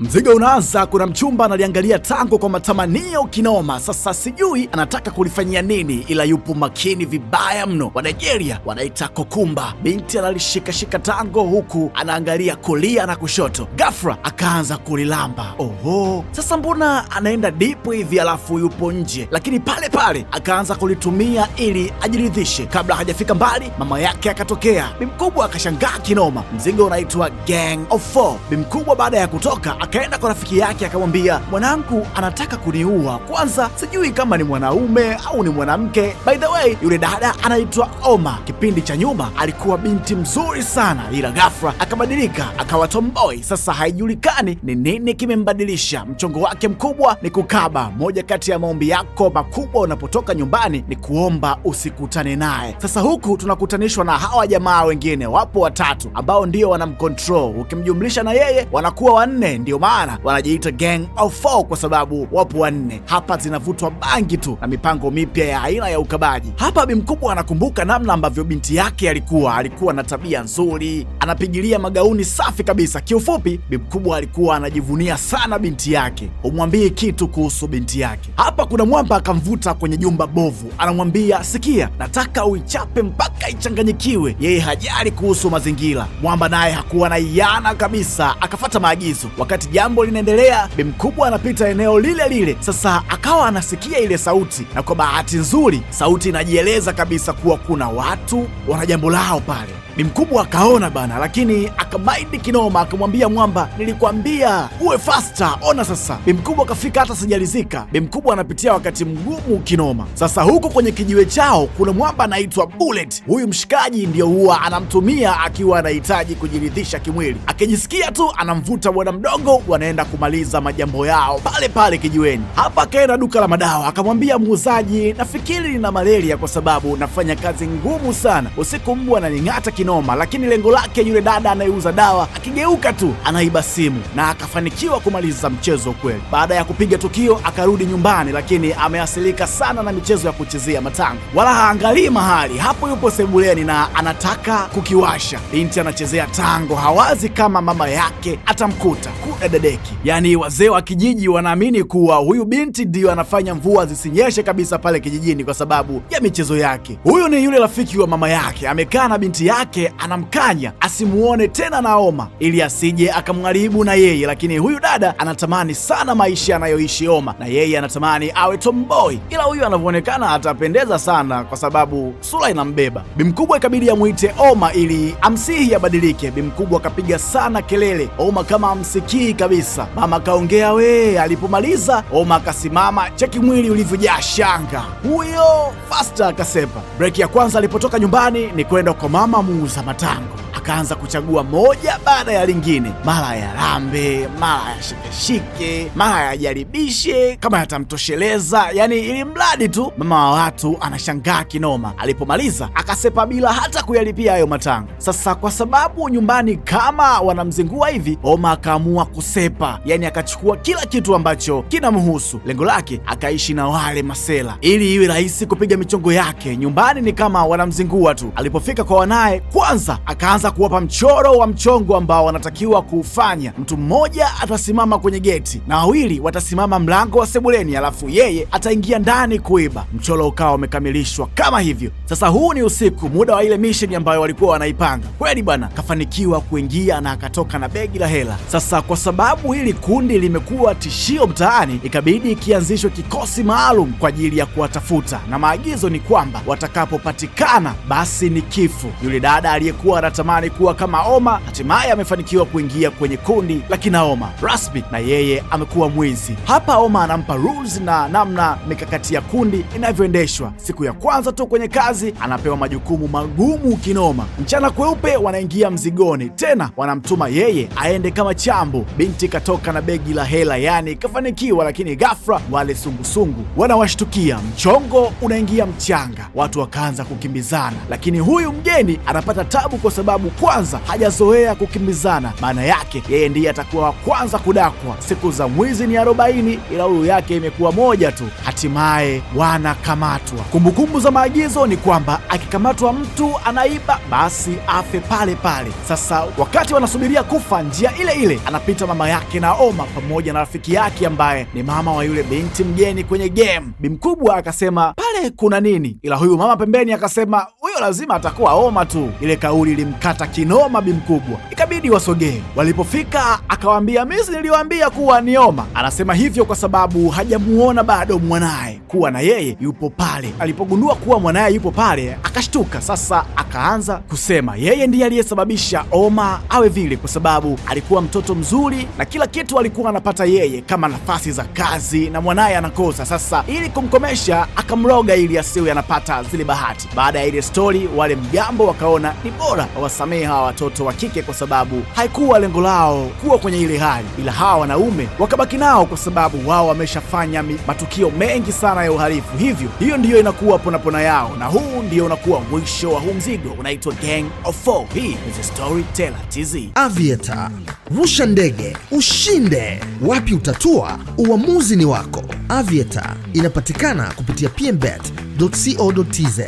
Mzigo unaanza. Kuna mchumba analiangalia tango kwa matamanio kinoma. Sasa sijui anataka kulifanyia nini, ila yupo makini vibaya mno. Wa Nigeria wanaita kokumba. Binti analishikashika tango huku anaangalia kulia na kushoto, ghafla akaanza kulilamba. Oho, sasa mbona anaenda dipo hivi, alafu yupo nje, lakini pale pale akaanza kulitumia ili ajiridhishe. Kabla hajafika mbali, mama yake akatokea. Bimkubwa akashangaa kinoma. Mzigo unaitwa Gang of Four. Bimkubwa baada ya kutoka Akaenda kwa rafiki yake akamwambia, mwanangu anataka kuniua. Kwanza sijui kama ni mwanaume au ni mwanamke. By the way, yule dada anaitwa Oma. Kipindi cha nyuma alikuwa binti mzuri sana, ila ghafla akabadilika akawa tomboy. Sasa haijulikani ni nini kimembadilisha. Mchongo wake mkubwa ni kukaba. Moja kati ya maombi yako makubwa unapotoka nyumbani ni kuomba usikutane naye. Sasa huku tunakutanishwa na hawa jamaa wengine, wapo watatu ambao ndio wanamcontrol, ukimjumlisha na yeye wanakuwa wanne, ndio ndio maana wanajiita Gang of Four kwa sababu wapo wanne. Hapa zinavutwa bangi tu na mipango mipya ya aina ya ukabaji. Hapa bi mkubwa anakumbuka namna ambavyo binti yake alikuwa alikuwa na tabia nzuri anapigilia magauni safi kabisa. Kiufupi, bimkubwa alikuwa anajivunia sana binti yake, umwambie kitu kuhusu binti yake. Hapa kuna mwamba akamvuta kwenye jumba bovu, anamwambia sikia, nataka uichape mpaka ichanganyikiwe. Yeye hajali kuhusu mazingira. Mwamba naye hakuwa na iana kabisa, akafata maagizo. Wakati jambo linaendelea, bi mkubwa anapita eneo lile lile. Sasa akawa anasikia ile sauti, na kwa bahati nzuri sauti inajieleza kabisa kuwa kuna watu wana jambo lao pale ni mkubwa akaona bana, lakini akabaidi kinoma, akamwambia mwamba, nilikwambia uwe fasta, ona sasa. Bi mkubwa akafika hata sijalizika. Bi mkubwa anapitia wakati mgumu kinoma. Sasa huko kwenye kijiwe chao kuna mwamba anaitwa Bullet. Huyu mshikaji ndiyo huwa anamtumia akiwa anahitaji kujiridhisha kimwili, akijisikia tu anamvuta bwana mdogo, wanaenda kumaliza majambo yao pale pale kijiweni. Hapa akaenda duka la madawa, akamwambia muuzaji, nafikiri nina malaria kwa sababu nafanya kazi ngumu sana usiku, mbwa ananing'ata kinoma kinoma, lakini lengo lake yule dada anayeuza dawa akigeuka tu anaiba simu na akafanikiwa kumaliza mchezo kweli. Baada ya kupiga tukio akarudi nyumbani, lakini ameasilika sana na michezo ya kuchezea matango, wala haangalii mahali hapo. Yupo sebuleni na anataka kukiwasha. Binti anachezea tango, hawazi kama mama yake atamkuta dedeki Yaani wazee wa kijiji wanaamini kuwa huyu binti ndiyo anafanya mvua zisinyeshe kabisa pale kijijini kwa sababu ya michezo yake. Huyu ni yule rafiki wa mama yake, amekaa na binti yake yake anamkanya asimuone tena Naoma ili asije akamgharibu na yeye, lakini huyu dada anatamani sana maisha anayoishi Oma na yeye anatamani awe tomboy, ila huyu anavyoonekana atapendeza sana kwa sababu sura inambeba. Bimkubwa ikabidi amwite Oma ili amsihi abadilike. Bimkubwa akapiga sana kelele, Oma kama amsikii kabisa. Mama kaongea we. Alipomaliza Oma akasimama, cheki mwili ulivyojaa shanga, huyo fasta akasepa. Breki ya kwanza alipotoka nyumbani ni kwenda kwa mama mu kupunguza matango akaanza kuchagua moja baada ya lingine, mara ya rambe, mara ya shikeshike, mara ya jaribishe kama yatamtosheleza, yani ili mradi tu mama wa watu anashangaa kinoma. Alipomaliza akasepa bila hata kuyalipia hayo matanga. Sasa kwa sababu nyumbani kama wanamzingua hivi, Oma akaamua kusepa, yani akachukua kila kitu ambacho kinamhusu. Lengo lake akaishi na wale masela ili iwe rahisi kupiga michongo yake. Nyumbani ni kama wanamzingua tu. Alipofika kwa wanaye, kwanza akaanza kuwapa mchoro wa mchongo ambao wanatakiwa kuufanya. Mtu mmoja atasimama kwenye geti na wawili watasimama mlango wa sebuleni, alafu yeye ataingia ndani kuiba. Mchoro ukawa umekamilishwa kama hivyo. Sasa huu ni usiku, muda wa ile misheni ambayo walikuwa wanaipanga. Kweli bwana, kafanikiwa kuingia na akatoka na begi la hela. Sasa kwa sababu hili kundi limekuwa tishio mtaani, ikabidi kianzishwe kikosi maalum kwa ajili ya kuwatafuta, na maagizo ni kwamba watakapopatikana basi ni kifo. Yule dada aliyekuwa anatamani amekuwa kama Oma, hatimaye amefanikiwa kuingia kwenye kundi la kina Oma. Rasmi na yeye amekuwa mwizi. Hapa Oma anampa rules na namna mikakati ya kundi inavyoendeshwa. Siku ya kwanza tu kwenye kazi, anapewa majukumu magumu kinoma. Mchana kweupe wanaingia mzigoni tena, wanamtuma yeye aende kama chambo. Binti katoka na begi la hela, yani kafanikiwa, lakini ghafla wale sungusungu wanawashtukia. Mchongo unaingia mchanga, watu wakaanza kukimbizana, lakini huyu mgeni anapata tabu kwa sababu kwanza hajazoea kukimbizana, maana yake yeye ndiye atakuwa wa kwanza kudakwa. Siku za mwizi ni arobaini, ila huyu yake imekuwa moja tu. Hatimaye wanakamatwa. Kumbukumbu za maagizo ni kwamba akikamatwa mtu anaiba basi afe pale pale. Sasa wakati wanasubiria kufa, njia ile ile anapita mama yake na oma pamoja na rafiki yake ambaye ni mama wa yule binti mgeni kwenye game. Bi mkubwa akasema pale kuna nini, ila huyu mama pembeni akasema hiyo lazima atakuwa homa tu. Ile kauli ilimkata kinoma bi mkubwa, ikabidi wasogee. Walipofika akawaambia, misi niliwaambia kuwa ni homa. Anasema hivyo kwa sababu hajamuona bado mwanaye kuwa na yeye yupo pale. Alipogundua kuwa mwanaye yupo pale akashtuka. Sasa akaanza kusema yeye ndiye aliyesababisha homa awe vile, kwa sababu alikuwa mtoto mzuri na kila kitu alikuwa anapata yeye, kama nafasi za kazi na mwanaye anakosa. Sasa ili kumkomesha akamroga ili asiwe anapata zile bahati. Baada ya ile story goli, wale mjambo wakaona ni bora wasamehe hawa watoto wa kike, kwa sababu haikuwa lengo lao kuwa kwenye ile hali, ila hawa wanaume wakabaki nao, kwa sababu wao wameshafanya matukio mengi sana ya uhalifu. Hivyo hiyo ndiyo inakuwa ponapona yao, na huu ndio unakuwa mwisho wa huu mzigo unaitwa Gang of Four. Hii ni Storyteller TZ. Avieta, rusha ndege, ushinde wapi utatua, uamuzi ni wako. Avieta inapatikana kupitia pmbet.co.tz.